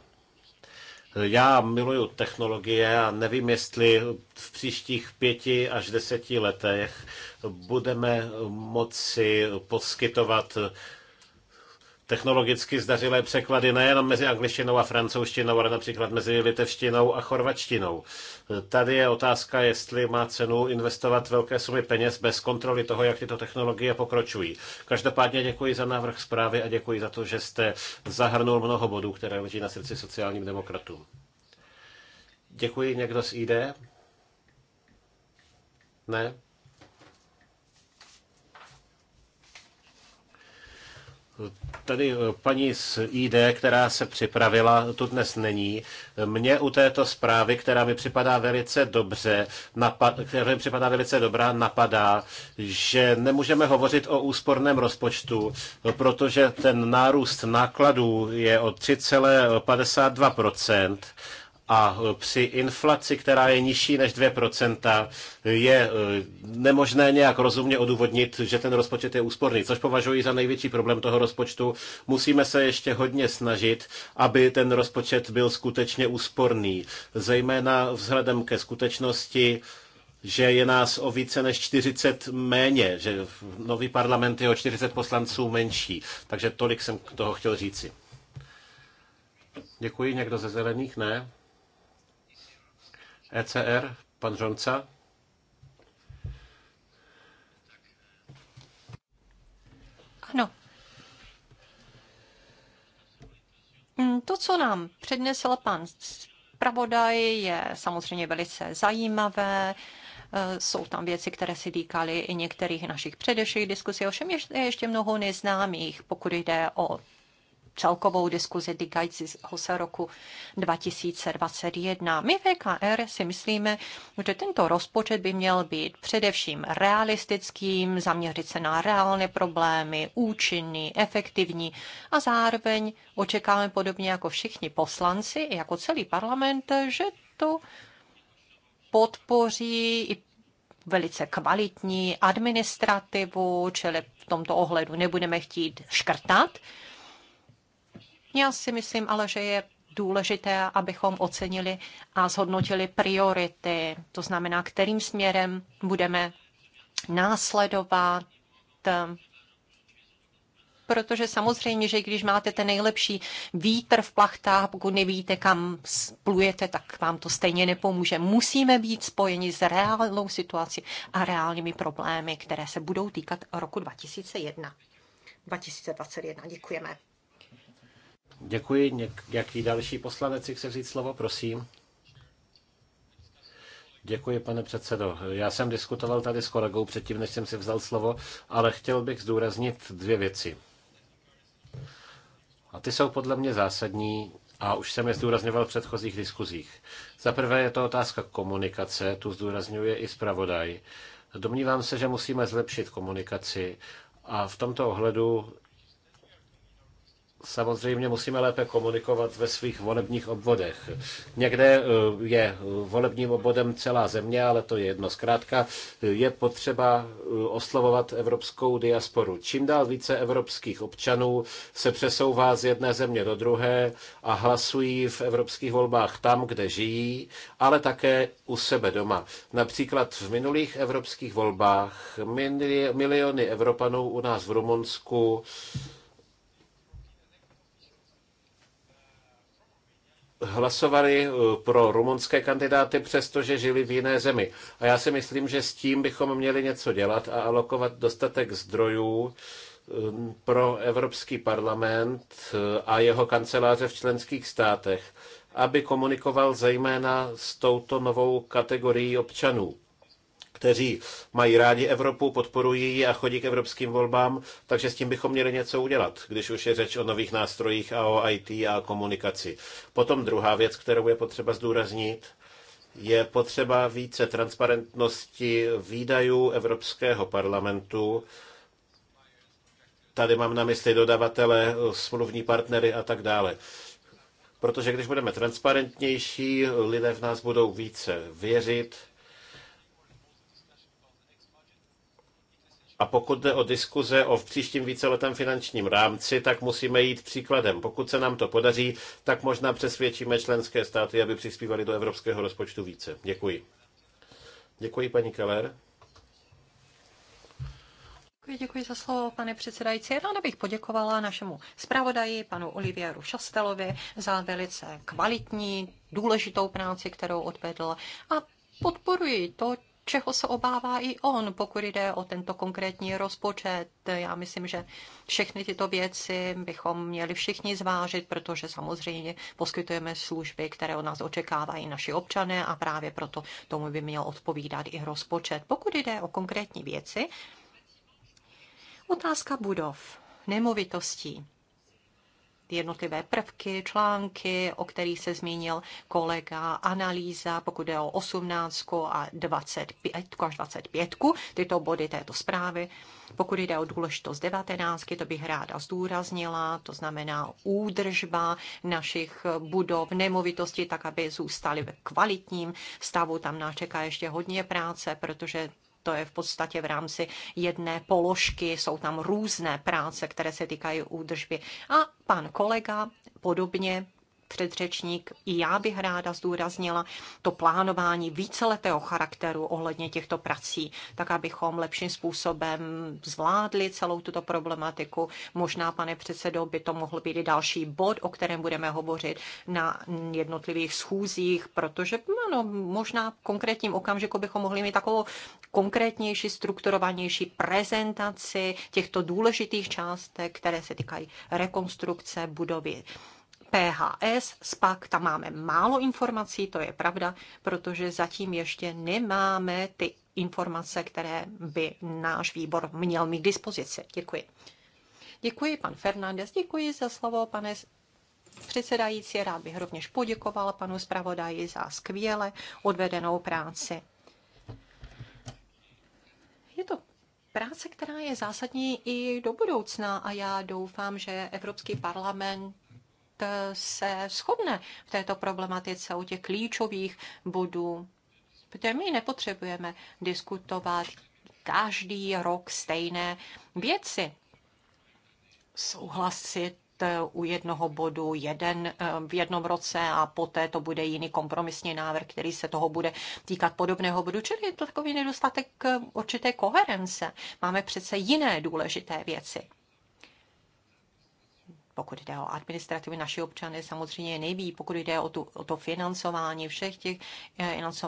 Já miluju technologie a nevím, jestli v příštích pěti až deseti letech budeme moci poskytovat technologicky zdařilé překlady nejenom mezi angličtinou a francouzštinou, ale například mezi litevštinou a chorvačtinou. Tady je otázka, jestli má cenu investovat velké sumy peněz bez kontroly toho, jak tyto technologie pokročují. Každopádně děkuji za návrh zprávy a děkuji za to, že jste zahrnul mnoho bodů, které leží na srdci sociálním demokratům. Děkuji. Někdo z ID? Ne? Tady eh, paní z ID, která se připravila, tu dnes není. Mně u této zprávy, která mi připadá velice dobře, napad, která mi připadá velice dobrá, napadá, že nemůžeme hovořit o úsporném rozpočtu, protože ten nárůst nákladů je o 3,52 a e, při inflaci, která je nižší než 2%, je e, nemožné nějak rozumně odůvodnit, že ten rozpočet je úsporný, což považuji za největší problém toho rozpočtu. Musíme se ještě hodně snažit, aby ten rozpočet byl skutečně úsporný, zejména vzhledem ke skutečnosti, že je nás o více než 40 méně, že nový parlament je o 40 poslanců menší. Takže tolik jsem toho chtěl říci. Děkuji, někdo ze zelených? Ne. ECR, pan Žonca. Ano. Mm, to, co nám přednesl pan zpravodaj, je samozřejmě velice zajímavé. E, jsou tam věci, které se týkaly i některých našich předešlých diskusí, ovšem je ještě mnoho neznámých, pokud jde o celkovou diskuzi týkající se roku 2021. My VKR e si myslíme, že tento rozpočet by měl být především realistickým, zaměřit se na reálné problémy, účinný, efektivní a zároveň očekáváme podobně jako všichni poslanci i jako celý parlament, že to podpoří i velice kvalitní administrativu, čili v tomto ohledu nebudeme chtít škrtat já si myslím ale, že je důležité, abychom ocenili a zhodnotili priority, to znamená, kterým směrem budeme následovat, protože samozřejmě, že když máte ten nejlepší vítr v plachtách, pokud nevíte, kam plujete, tak vám to stejně nepomůže. Musíme být spojeni s reálnou situací a reálnými problémy, které se budou týkat roku 2001. 2021. Děkujeme. Děkuji. Jaký další poslanec si chce vzít slovo, prosím. Děkuji, pane předsedo. Já jsem diskutoval tady s kolegou předtím, než jsem si vzal slovo, ale chtěl bych zdůraznit dvě věci. A ty jsou podle mě zásadní a už jsem je zdůrazňoval v předchozích diskuzích. Za prvé je to otázka komunikace, tu zdůrazňuje i zpravodaj. Domnívám se, že musíme zlepšit komunikaci a v tomto ohledu samozřejmě musíme lépe komunikovat ve svých volebních obvodech. Někde eh, je eh, volebním obvodem celá země, ale to je jedno. Zkrátka eh, je potřeba oslovovat evropskou diasporu. Čím dál více evropských občanů se přesouvá z jedné země do druhé a hlasují v evropských volbách tam, kde žijí, ale také u sebe doma. Například v minulých evropských volbách miliony Evropanů u nás v Rumunsku hlasovali eh, pro rumunské kandidáty, přestože žili v jiné zemi. A já si myslím, že s tím bychom měli něco dělat a alokovat dostatek zdrojů eh, pro Evropský parlament eh, a jeho kanceláře v členských státech, aby komunikoval zejména s touto novou kategorií občanů kteří mají rádi Evropu, podporují ji a chodí k evropským volbám, takže s tím bychom měli něco udělat, když už je řeč o nových nástrojích a o IT a komunikaci. Potom druhá věc, kterou je potřeba zdůraznit, je potřeba více transparentnosti výdajů Evropského parlamentu. Tady mám na mysli dodavatele, smluvní partnery a tak dále. Protože když budeme transparentnější, lidé v nás budou více věřit, A pokud jde o diskuze o v příštím víceletém finančním rámci, tak musíme jít příkladem. Pokud se nám to podaří, tak možná přesvědčíme členské státy, aby přispívali do evropského rozpočtu více. Děkuji. Děkuji, paní Keller. Děkuji, děkuji za slovo, pane předsedající. Ráda bych poděkovala našemu zpravodaji, panu Olivieru Šastelovi, za velice kvalitní, důležitou práci, kterou odvedl. A podporuji to, čeho se obává i on, pokud jde o tento konkrétní rozpočet. Já myslím, že všechny tyto věci bychom měli všichni zvážit, protože samozřejmě poskytujeme služby, které od nás očekávají naši občané a právě proto tomu by měl odpovídat i rozpočet. Pokud jde o konkrétní věci, otázka budov, nemovitostí jednotlivé prvky, články, o kterých se zmínil kolega, analýza, pokud je o 18 a 25 až 25, tyto body této zprávy. Pokud jde o důležitost 19, to bych ráda zdůraznila, to znamená údržba našich budov, nemovitosti, tak aby zůstaly v kvalitním stavu. Tam nás čeká ještě hodně práce, protože to je v podstatě v rámci jedné položky, jsou tam různé práce, které se týkají údržby. A pan kolega podobně předřečník, i já bych ráda zdůraznila to plánování víceletého charakteru ohledně těchto prací, tak abychom lepším způsobem zvládli celou tuto problematiku. Možná, pane předsedo, by to mohl být i další bod, o kterém budeme hovořit na jednotlivých schůzích, protože ano, možná v konkrétním okamžiku bychom mohli mít takovou konkrétnější, strukturovanější prezentaci těchto důležitých částek, které se týkají rekonstrukce budovy PHS, SPAC, tam máme málo informací, to je pravda, protože zatím ještě nemáme ty informace, které by náš výbor měl mít k dispozici. Děkuji. Děkuji, pan Fernández, děkuji za slovo, pane předsedající. Rád bych rovněž poděkoval panu zpravodaji za skvěle odvedenou práci. Je to práce, která je zásadní i do budoucna a já doufám, že Evropský parlament Eh, se shodne v této problematice, u těch klíčových bodů, protože my nepotřebujeme diskutovat každý rok stejné věci. Souhlasit eh, u jednoho bodu jeden eh, v jednom roce a poté to bude jiný kompromisní návrh, který se toho bude týkat podobného bodu. Čili je to takový nedostatek určité koherence. Máme přece jiné důležité věci pokud jde o administrativu, naši občany samozřejmě nejví, pokud jde o, tu, o to financování všech těch eh, eh,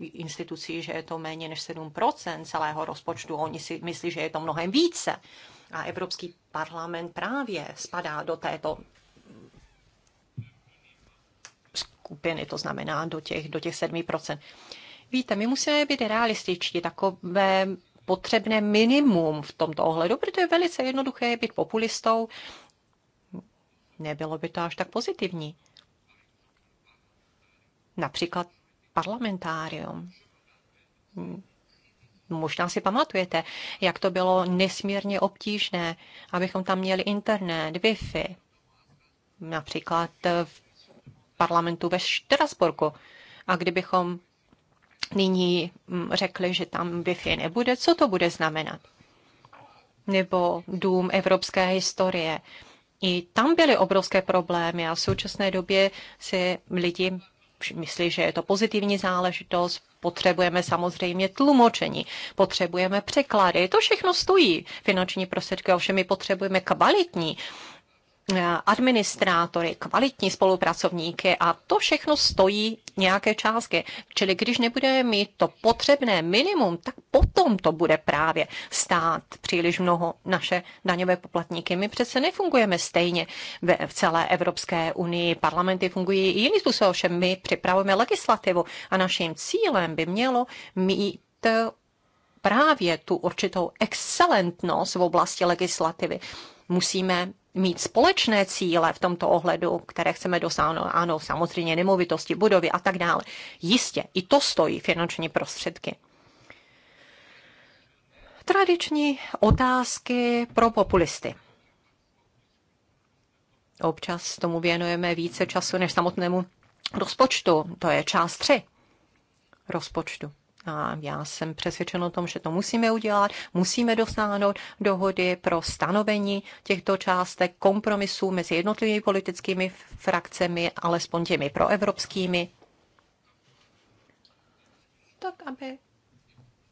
institucí, že je to méně než 7% celého rozpočtu. Oni si myslí, že je to mnohem více. A Evropský parlament právě spadá do této skupiny, to znamená do těch, do těch 7%. Víte, my musíme být realističtí, takové potřebné minimum v tomto ohledu, protože je velice jednoduché být populistou nebylo by to až tak pozitivní. Například parlamentárium. Možná si pamatujete, jak to bylo nesmírně obtížné, abychom tam měli internet, Wi-Fi. Například v parlamentu ve Štrasburku. A kdybychom nyní mm, řekli, že tam Wi-Fi nebude, co to bude znamenat? Nebo Dům evropské historie i tam byly obrovské problémy a v současné době si lidi myslí, že je to pozitivní záležitost, potřebujeme samozřejmě tlumočení, potřebujeme překlady, to všechno stojí finanční prostředky, ovšem my potřebujeme kvalitní Eh, administrátory, kvalitní spolupracovníky a to všechno stojí nějaké částky. Čili když nebudeme mít to potřebné minimum, tak potom to bude právě stát příliš mnoho naše daňové poplatníky. My přece nefungujeme stejně ve, v celé Evropské unii. Parlamenty fungují i jiným způsobem, ovšem my připravujeme legislativu a naším cílem by mělo mít eh, právě tu určitou excelentnost v oblasti legislativy. Musíme mít společné cíle v tomto ohledu, které chceme dosáhnout, ano, samozřejmě nemovitosti, budovy a tak dále. Jistě, i to stojí finanční prostředky tradiční otázky pro populisty. Občas tomu věnujeme více času než samotnému rozpočtu. To je část 3 rozpočtu a já jsem přesvědčen o tom, že to musíme udělat, musíme dosáhnout dohody pro stanovení těchto částek kompromisů mezi jednotlivými politickými frakcemi, alespoň těmi proevropskými, tak aby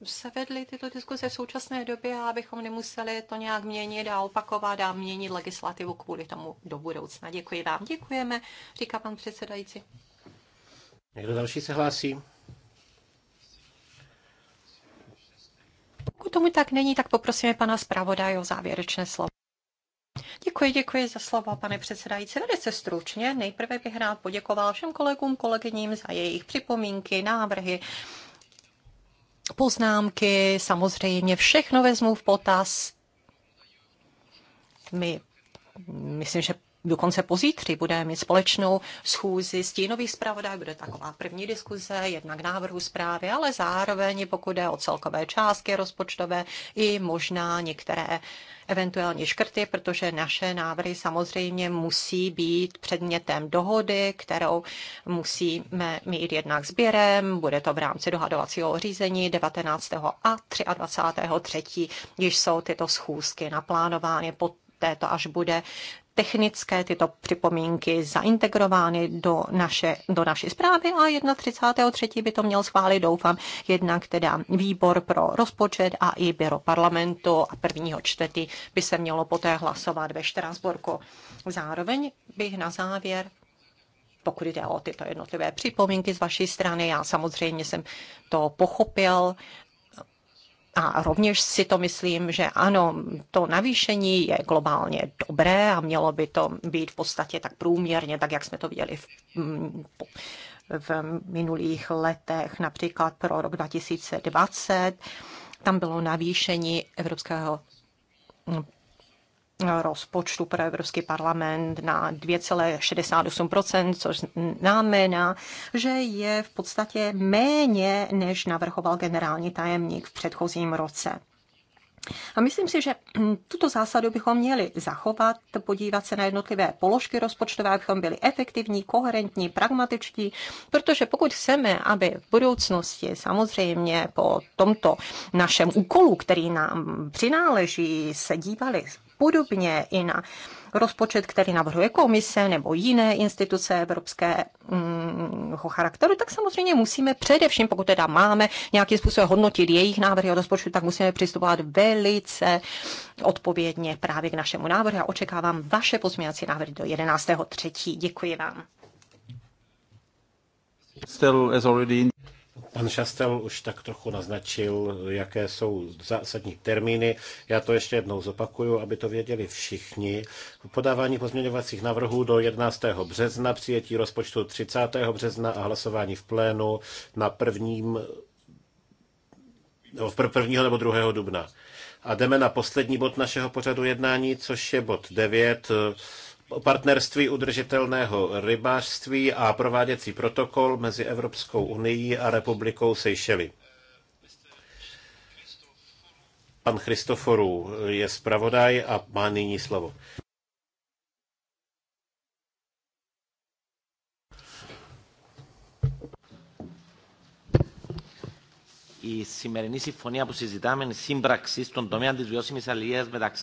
se vedly tyto diskuze v současné době a abychom nemuseli to nějak měnit a opakovat a měnit legislativu kvůli tomu do budoucna. Děkuji vám. Děkujeme, říká pan předsedající. Někdo další se hlásí? Pokud tomu tak není, tak poprosíme pana zpravodaje o závěrečné slovo. Děkuji, děkuji za slovo, pane předsedající. Velice stručně. Nejprve bych rád poděkoval všem kolegům, kolegyním za jejich připomínky, návrhy, poznámky. Samozřejmě všechno vezmu v potaz. My, myslím, že dokonce pozítří budeme mít společnou schůzi stínový zpravodaj, bude taková první diskuze, jednak návrhu zprávy, ale zároveň, pokud jde o celkové částky rozpočtové, i možná některé eventuální škrty, protože naše návrhy samozřejmě musí být předmětem dohody, kterou musíme mít jednak sběrem, bude to v rámci dohadovacího řízení 19. a 23. 3. když jsou tyto schůzky naplánovány pod této, až bude technické tyto připomínky zaintegrovány do, naše, do naší zprávy a 31.3. by to měl schválit, doufám, jednak teda výbor pro rozpočet a i byro parlamentu a prvního čtvrtý by se mělo poté hlasovat ve Štrásborku. Zároveň bych na závěr pokud jde o tyto jednotlivé připomínky z vaší strany. Já samozřejmě jsem to pochopil, a rovněž si to myslím, že ano, to navýšení je globálně dobré a mělo by to být v podstatě tak průměrně, tak jak jsme to viděli v, mm, v minulých letech, například pro rok 2020. Tam bylo navýšení evropského rozpočtu pro Evropský parlament na 2,68%, což znamená, že je v podstatě méně, než navrhoval generální tajemník v předchozím roce. A myslím si, že tuto zásadu bychom měli zachovat, podívat se na jednotlivé položky rozpočtové, abychom byli efektivní, koherentní, pragmatičtí, protože pokud chceme, aby v budoucnosti samozřejmě po tomto našem úkolu, který nám přináleží, se dívali podobně i na rozpočet, který navrhuje komise nebo jiné instituce evropského mm, charakteru, tak samozřejmě musíme především, pokud teda máme nějakým způsobem hodnotit jejich návrhy o rozpočtu, tak musíme přistupovat velice odpovědně právě k našemu návrhu. A očekávám vaše pozměňovací návrhy do 11.3. Děkuji vám. Still already Pan Šastel už tak trochu naznačil, jaké jsou zásadní termíny. Já to ještě jednou zopakuju, aby to věděli všichni. Podávání pozměňovacích návrhů do 11. března, přijetí rozpočtu 30. března a hlasování v plénu na prvním nebo prvního nebo druhého dubna. A jdeme na poslední bod našeho pořadu jednání, což je bod 9 partnerství udržitelného rybářství a prováděcí protokol mezi Evropskou unii a republikou Seychely. Pan Christoforu je zpravodaj a má nyní slovo. Η σημερινή συμφωνία που συζητάμε είναι σύμπραξη στον τομέα της βιώσιμης αλληλείας μεταξύ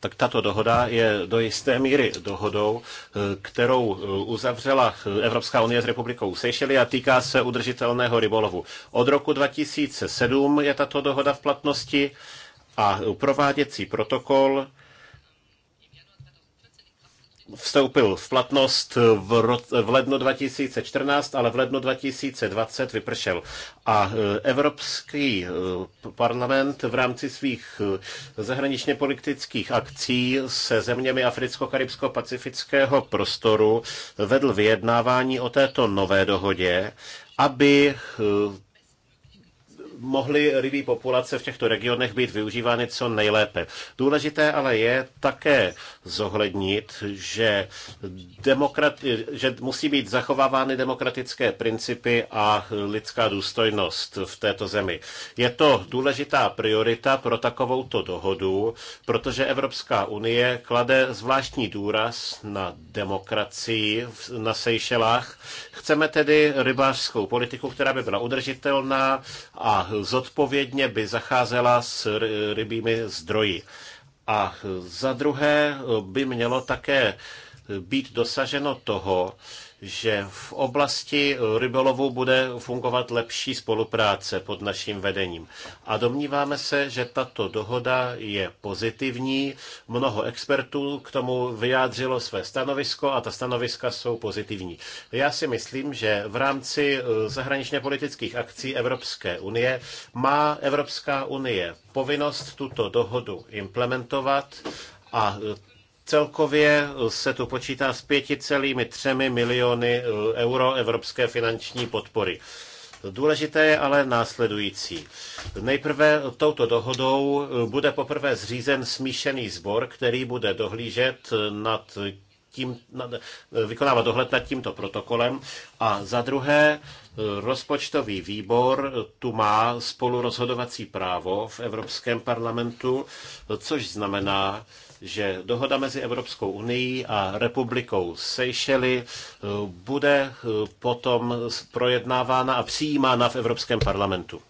tak tato dohoda je do jisté míry dohodou, eh, kterou eh, uzavřela eh, Evropská unie s republikou Seychely a týká se udržitelného rybolovu. Od roku 2007 je tato dohoda v platnosti a prováděcí protokol vstoupil v platnost v, v lednu 2014, ale v lednu 2020 vypršel. A e, Evropský e, parlament v rámci svých e, zahraničně politických akcí se zeměmi africko-karibsko-pacifického prostoru vedl vyjednávání o této nové dohodě, aby mohly rybí populace v těchto regionech být využívány co nejlépe. Důležité ale je také zohlednit, že, že musí být zachovávány demokratické principy a lidská důstojnost v této zemi. Je to důležitá priorita pro takovouto dohodu, protože Evropská unie klade zvláštní důraz na demokracii na Sejšelách. Chceme tedy rybářskou politiku, která by byla udržitelná a zodpovědně by zacházela s rybími zdroji. A za druhé by mělo také být dosaženo toho, že v oblasti rybolovu bude fungovat lepší spolupráce pod naším vedením. A domníváme se, že tato dohoda je pozitivní. Mnoho expertů k tomu vyjádřilo své stanovisko a ta stanoviska jsou pozitivní. Já si myslím, že v rámci eh, zahraničně politických akcí Evropské unie má Evropská unie povinnost tuto dohodu implementovat a Celkově eh, se tu počítá s 5,3 miliony eh, euro evropské finanční podpory. Důležité je ale následující. Nejprve touto dohodou eh, bude poprvé zřízen smíšený sbor, který bude dohlížet nad tím, nad, vykonávat dohled nad tímto protokolem. A za druhé, rozpočtový výbor tu má spolurozhodovací právo v Evropském parlamentu, což znamená, že dohoda mezi Evropskou unii a republikou Seychely eh, bude eh, potom projednávána a přijímána v Evropském parlamentu.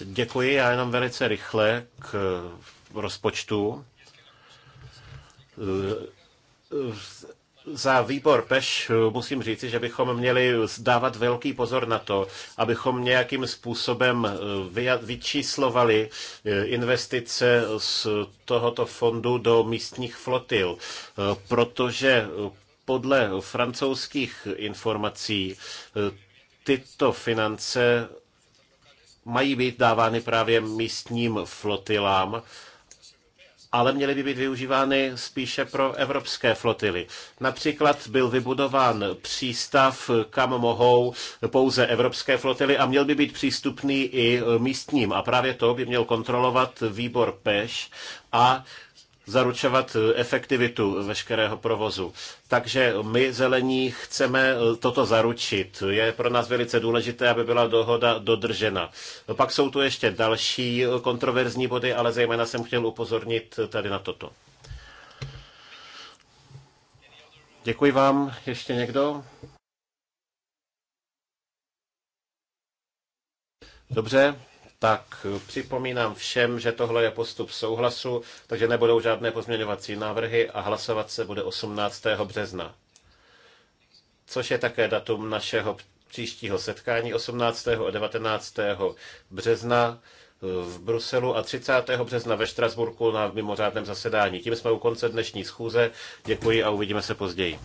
Děkuji, já jenom velice rychle k eh, rozpočtu za výbor PEŠ eh, musím říci, že bychom měli dávat velký pozor na to, abychom nějakým způsobem eh, vyčíslovali eh, investice z tohoto fondu do místních flotil, protože podle francouzských informací tyto finance mají být dávány právě místním flotilám, ale měly by být využívány spíše pro evropské flotily. Například byl vybudován přístav, kam mohou pouze evropské flotily a měl by být přístupný i místním. A právě to by měl kontrolovat výbor PEŠ a zaručovat eh, efektivitu veškerého provozu. Takže my zelení chceme eh, toto zaručit. Je pro nás velice důležité, aby byla dohoda dodržena. Pak jsou tu ještě další eh, kontroverzní body, ale zejména jsem chtěl upozornit tady na toto. Děkuji vám. Ještě někdo? Dobře tak připomínám všem, že tohle je postup souhlasu, takže nebudou žádné pozměňovací návrhy a hlasovat se bude 18. března, což je také datum našeho příštího setkání 18. a 19. března v Bruselu a 30. března ve Štrasburku na mimořádném zasedání. Tím jsme u konce dnešní schůze. Děkuji a uvidíme se později.